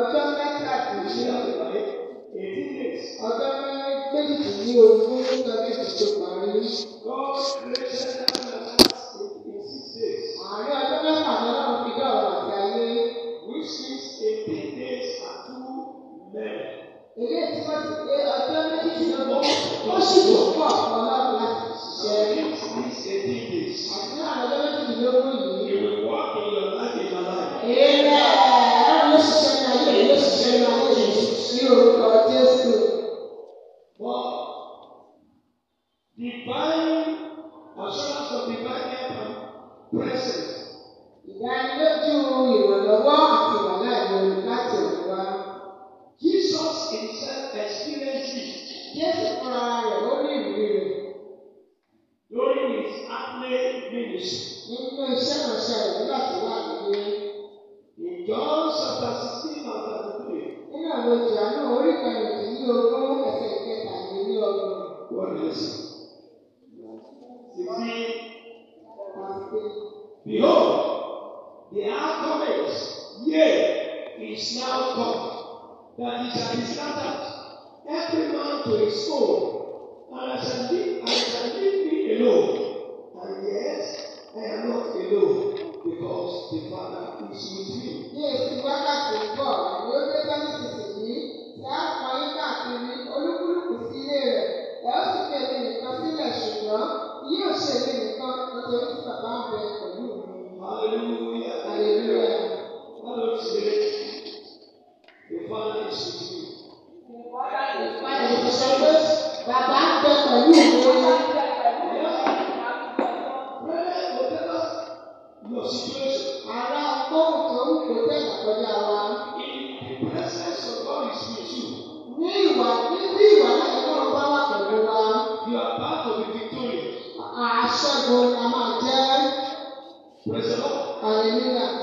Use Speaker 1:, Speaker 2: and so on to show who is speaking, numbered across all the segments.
Speaker 1: ọjọ́ mẹ́ta kò ṣe ọ̀rẹ́ eighteen days. ọjọ́ méjìdínlẹ́ ogún nígbà méjì tó parí. God created heaven and earth in six days. àárín ọjọ́ mẹ́ta ni ọlọ́run fi dá ọ̀rọ̀ àti ayé. which is eighteen days and two men. ilé tí wọ́n ti pé ọjọ́ méjìdínlógún ó sì tó pọ̀ ọlọ́run láti ṣiṣẹ́. it means
Speaker 2: eighteen days.
Speaker 1: àti ní àwọn ọjọ́ méjìdínlógún yìí. you will walk in your life in your life. amen. technologies still
Speaker 2: Yes, is is and yes, the the Father Father with with me. ìwákàtí ń bọ̀, ìwé pépà nísinsìnyí, ṣáà kan yín káàkiri. ṣùgbọ́n yóò ṣe èmi nìkan nítorí tí bàbá ń bẹ pẹ̀lú mi. Hallelujah. Hallelujah. Wọ́n lọ sí ilé. The father
Speaker 1: is with you. The father
Speaker 2: is Bàbá ń bẹ pẹ̀lú mi. ago a máa jẹ́. Hallelujah.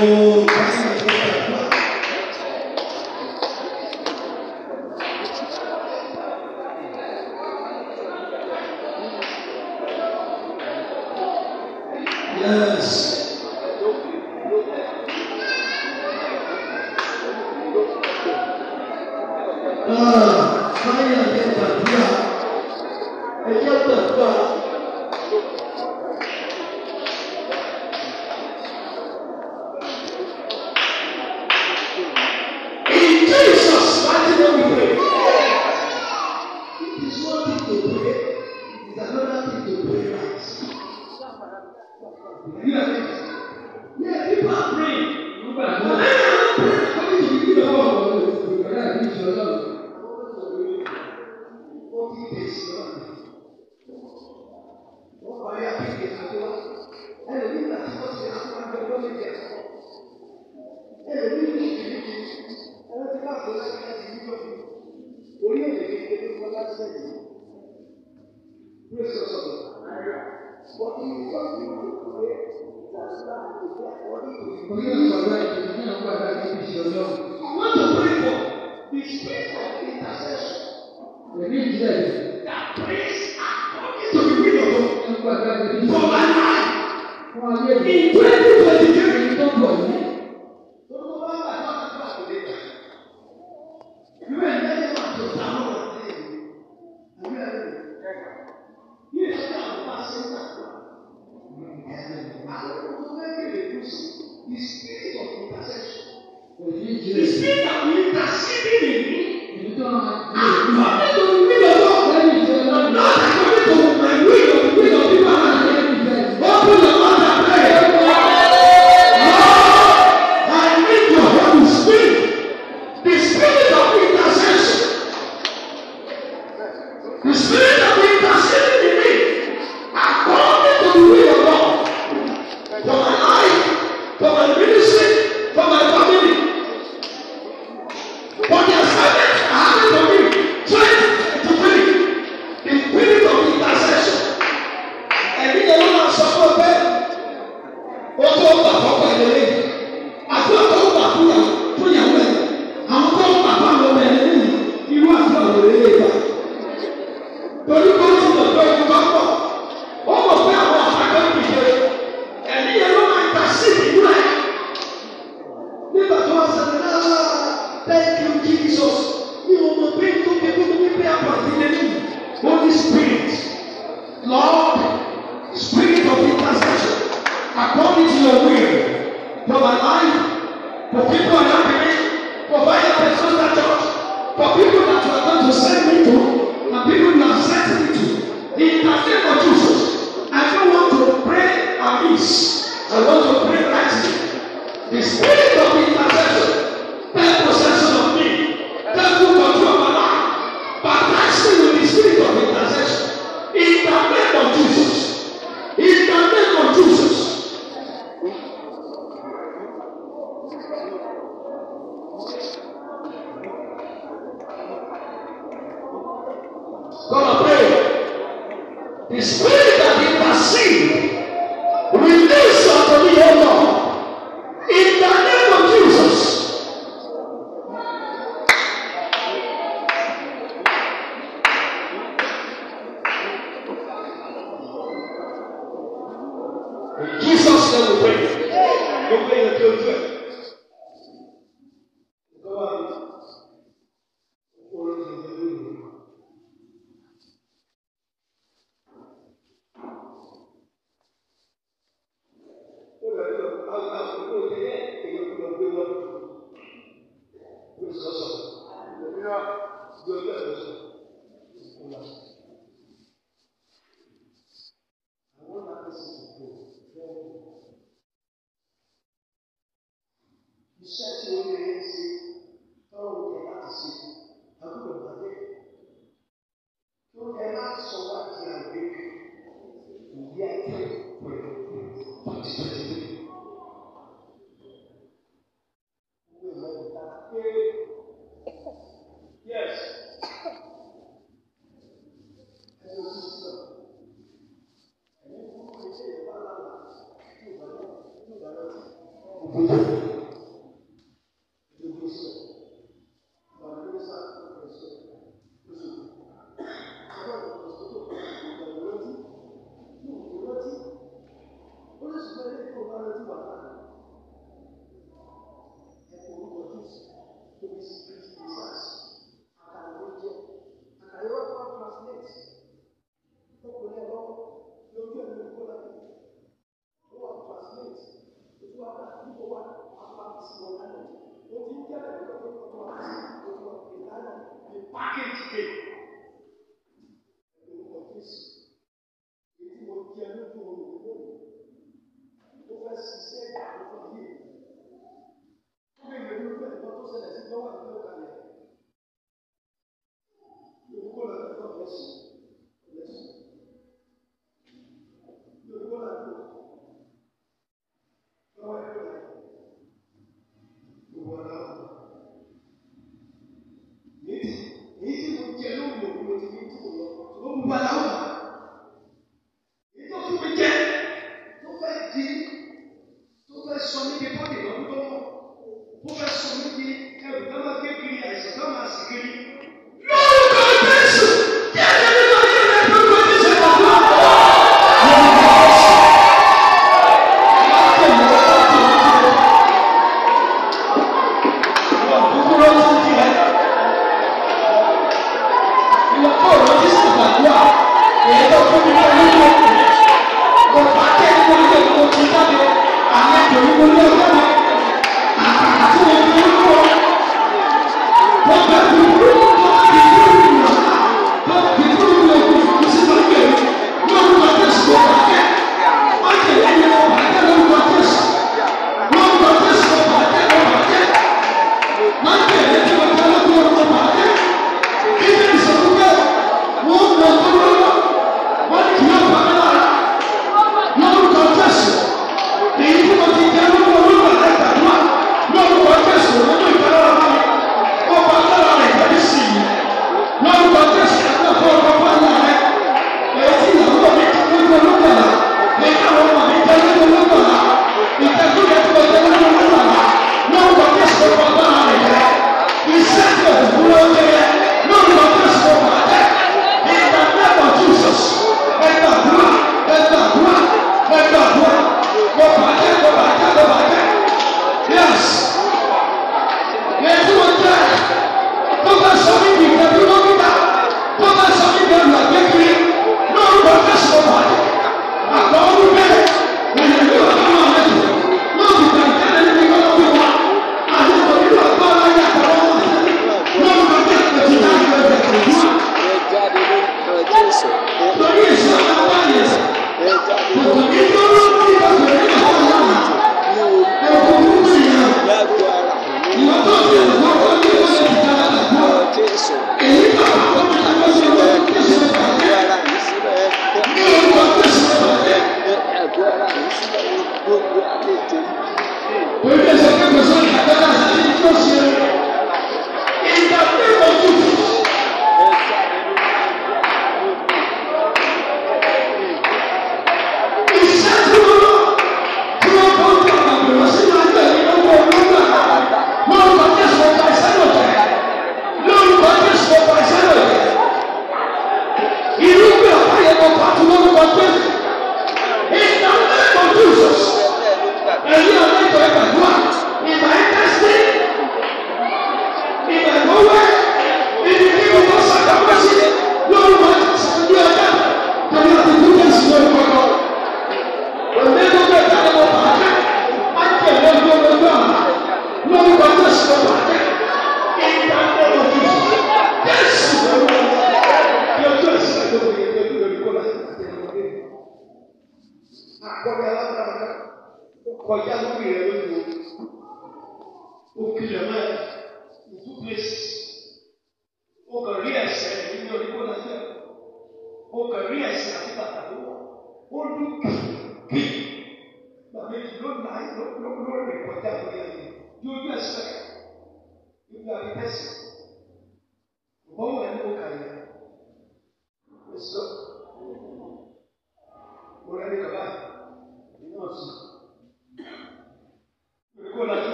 Speaker 1: Oh,
Speaker 2: The package came.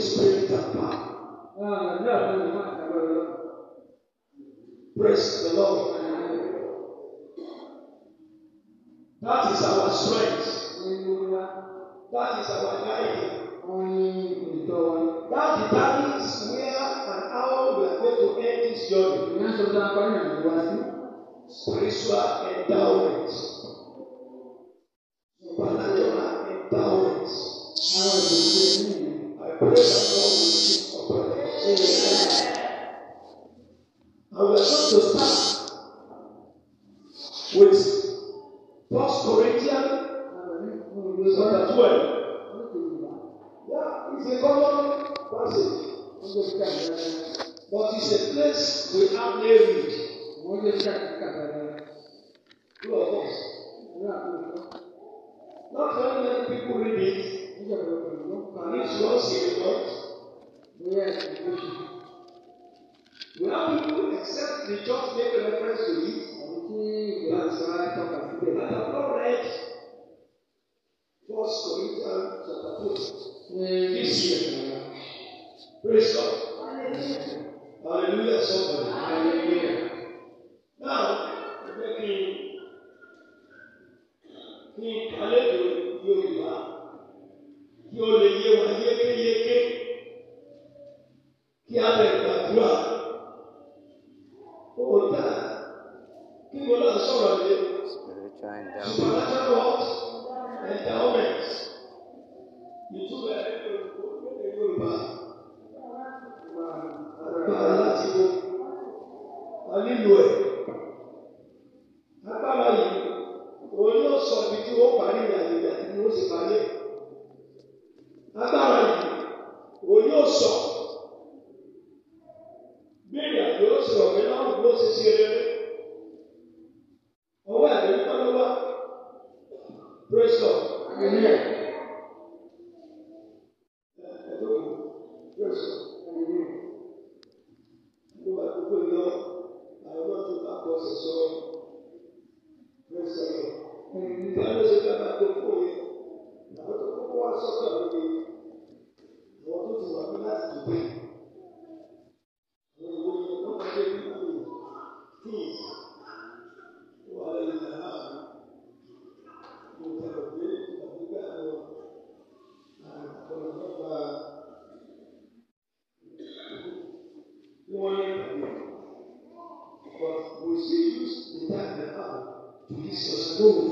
Speaker 2: Spirit and power. Praise the Lord. That is our strength. That is our guiding. That determines where and how we are going to end this journey. Spiritual endowment. Obrigado. tudo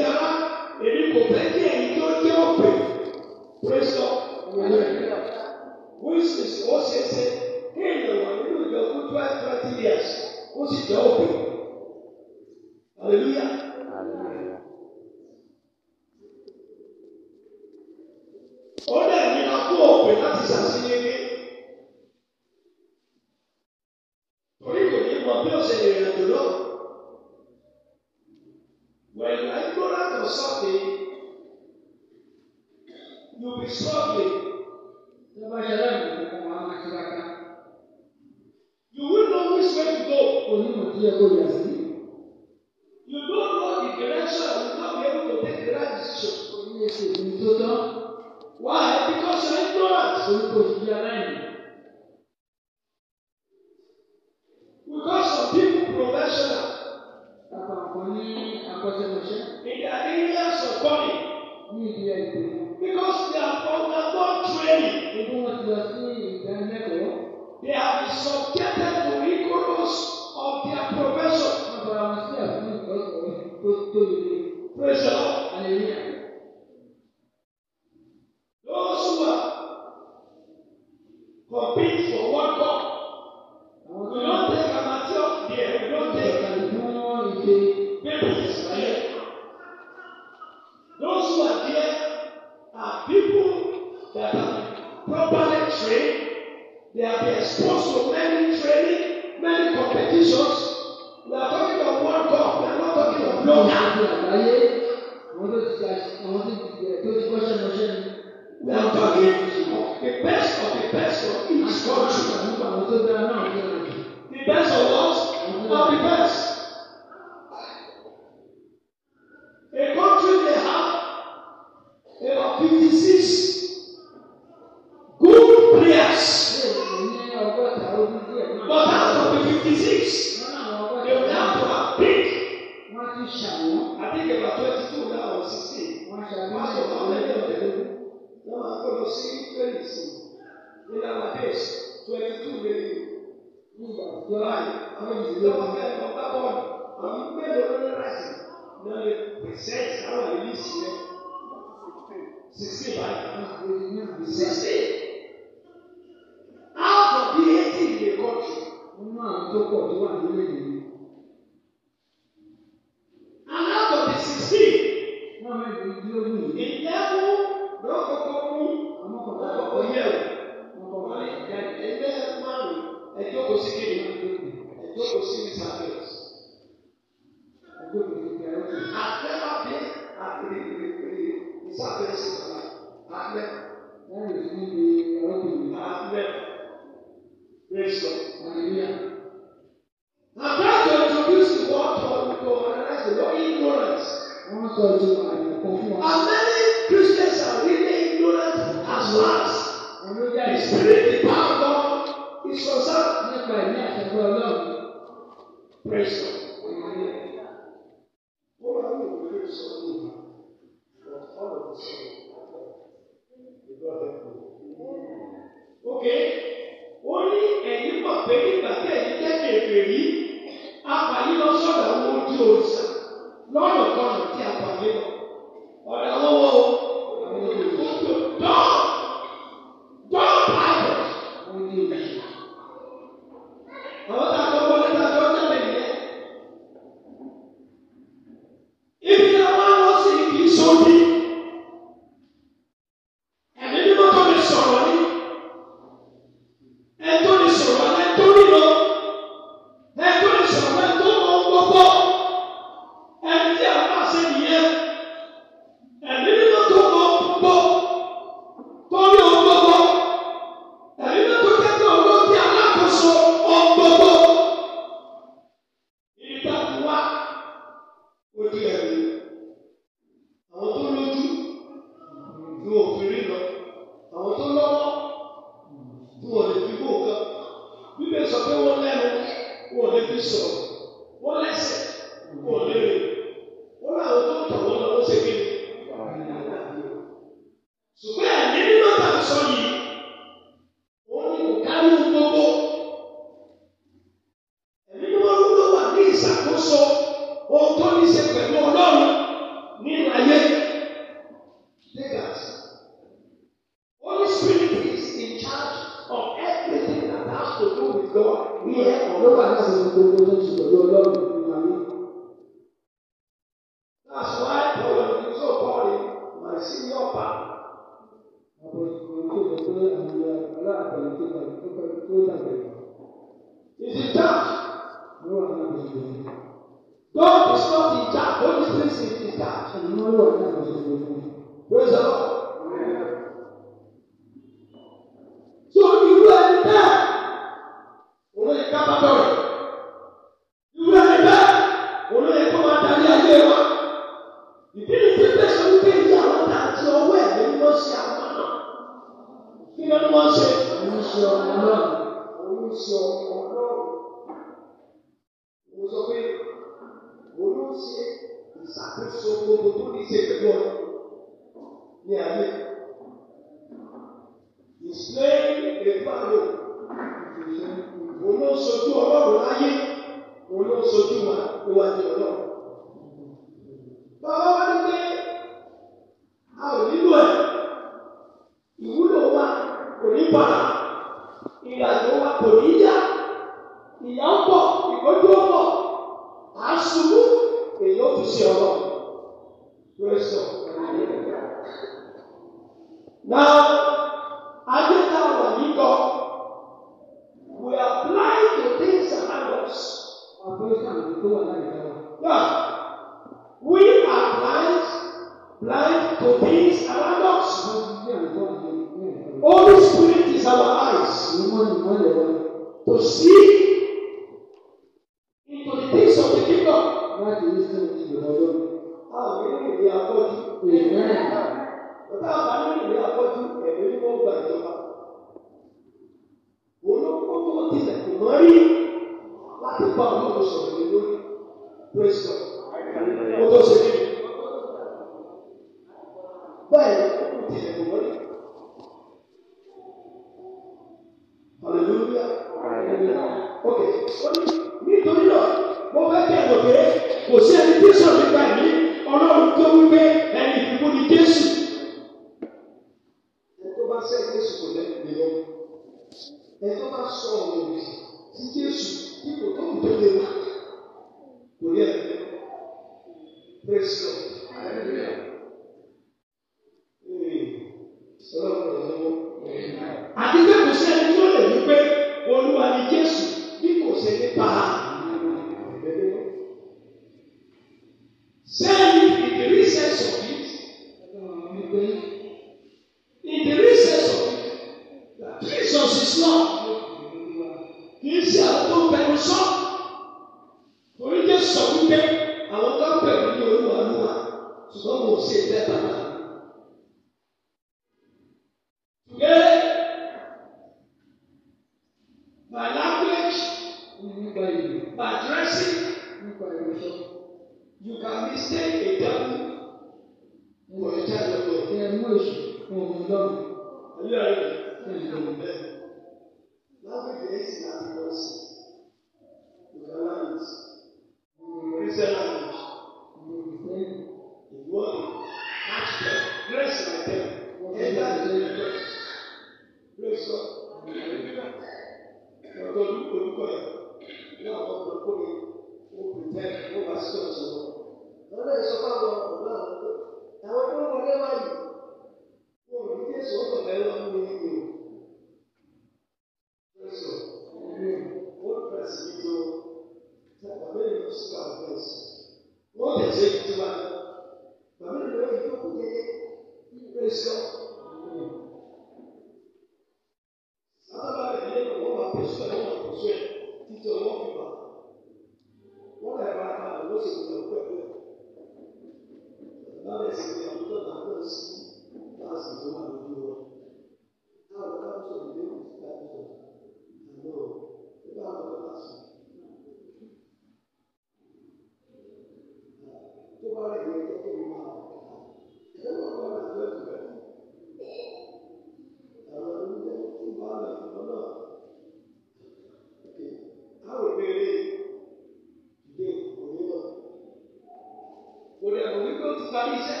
Speaker 2: ló ti parí iṣẹ́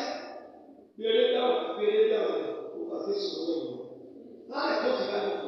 Speaker 2: gbèrè dáwọ̀ gbèrè dáwọ̀ kó kà sí sọ̀rọ̀ ìwọ̀n láì tó ti dáwọ̀.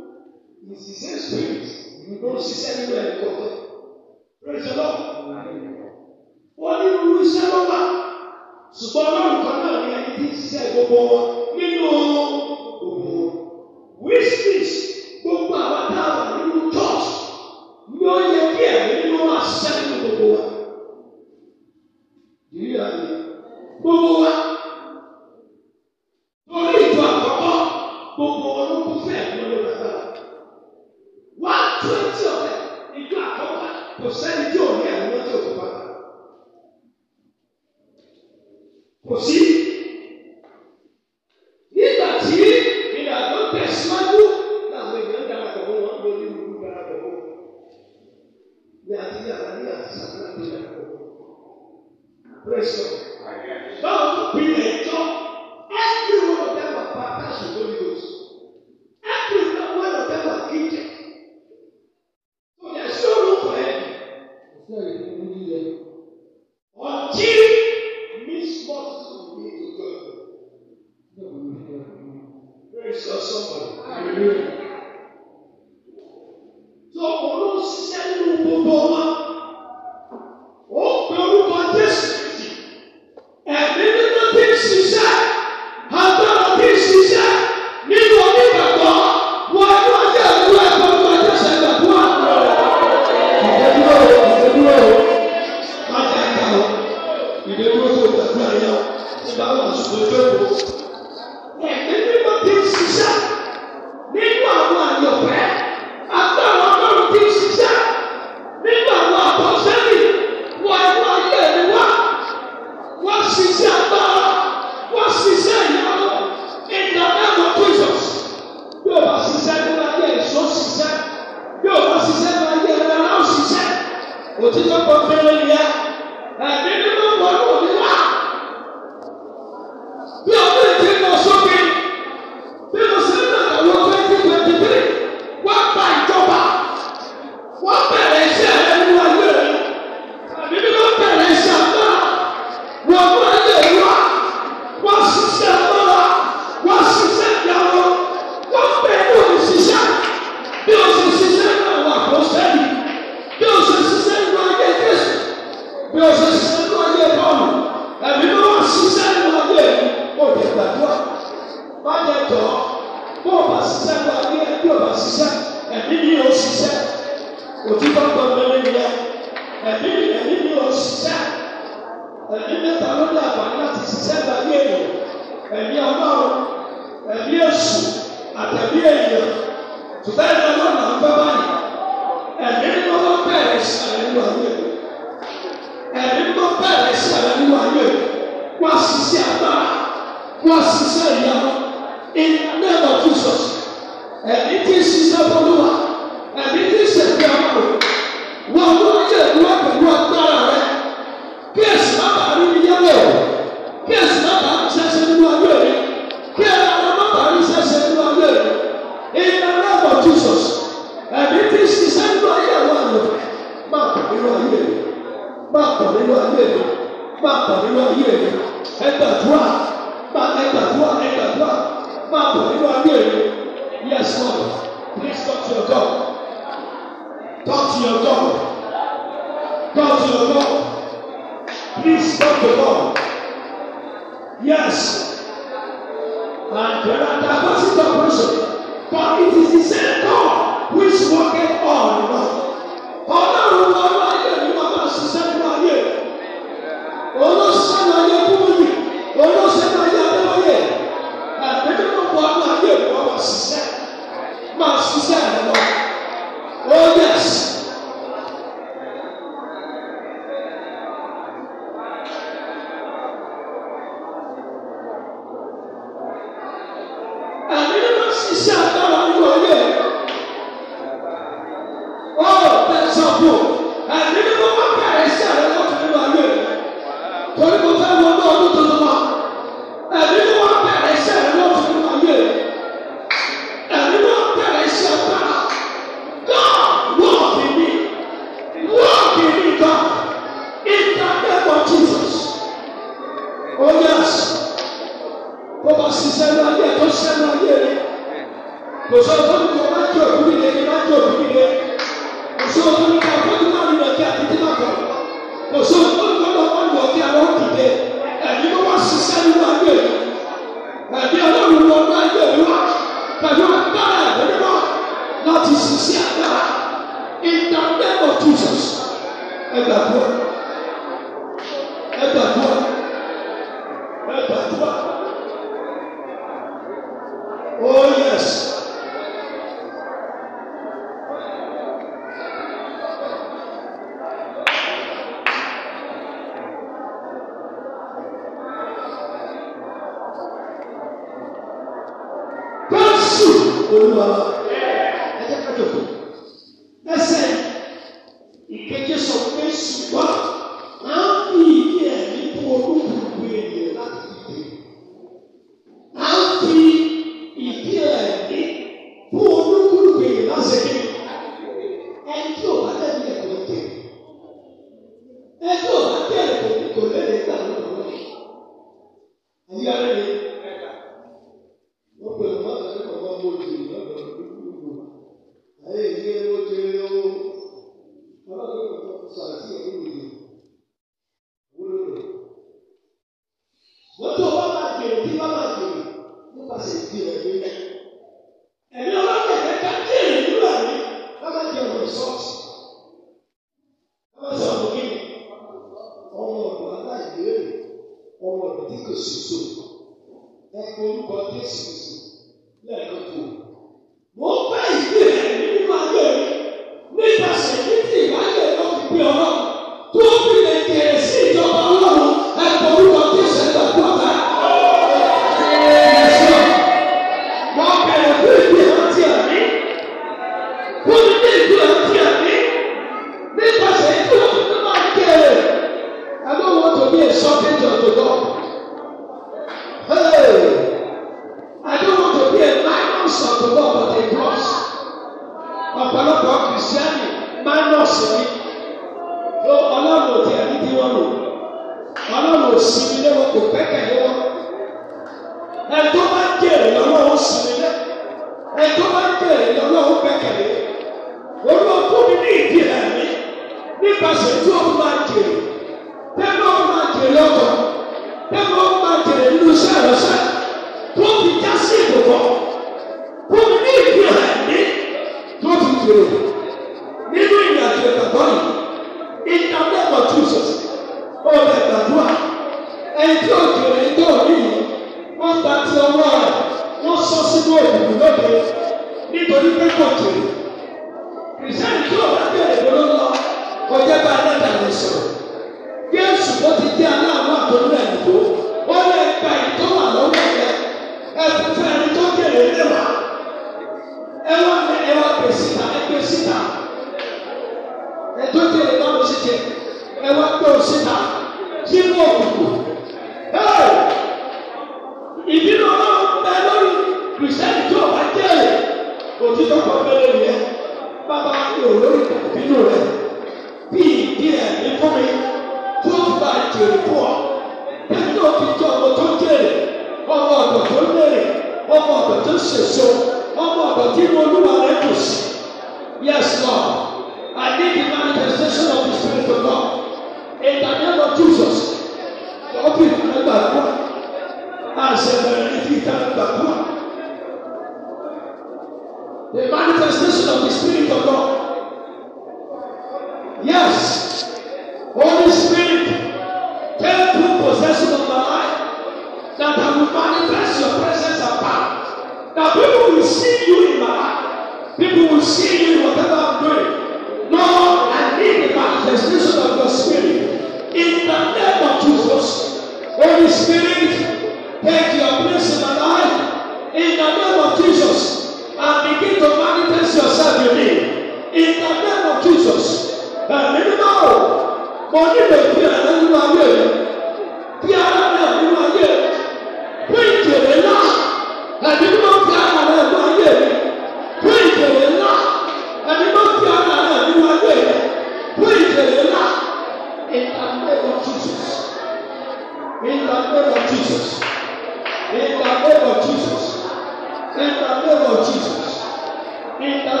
Speaker 2: Gracias.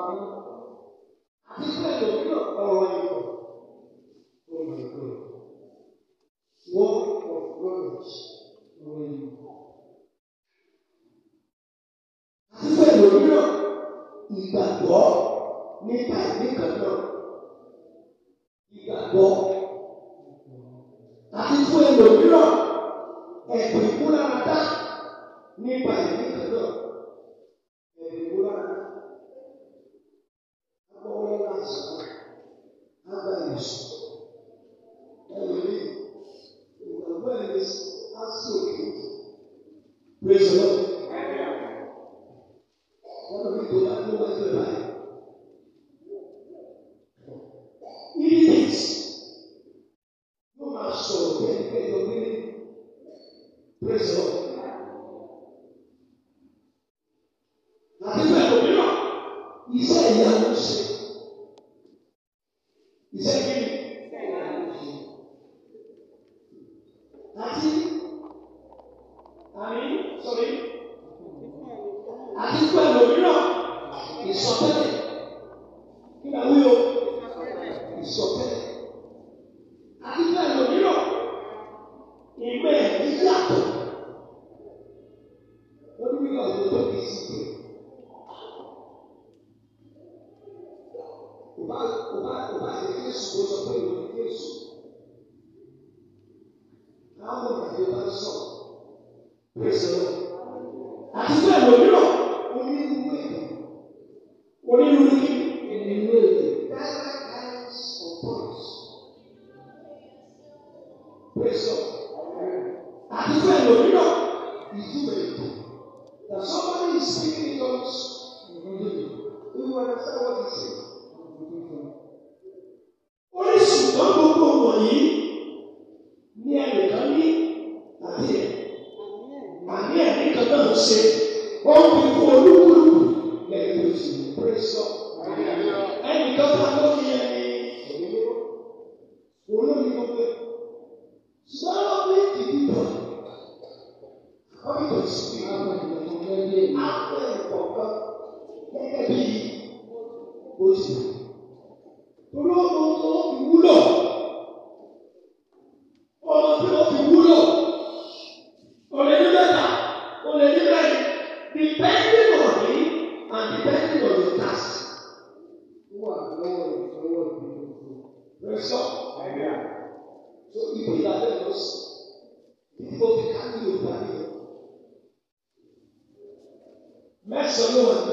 Speaker 2: Àti sí ẹlòmíràn ọ̀rọ̀ ìbò. Mẹ́sàn-án ló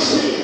Speaker 2: see.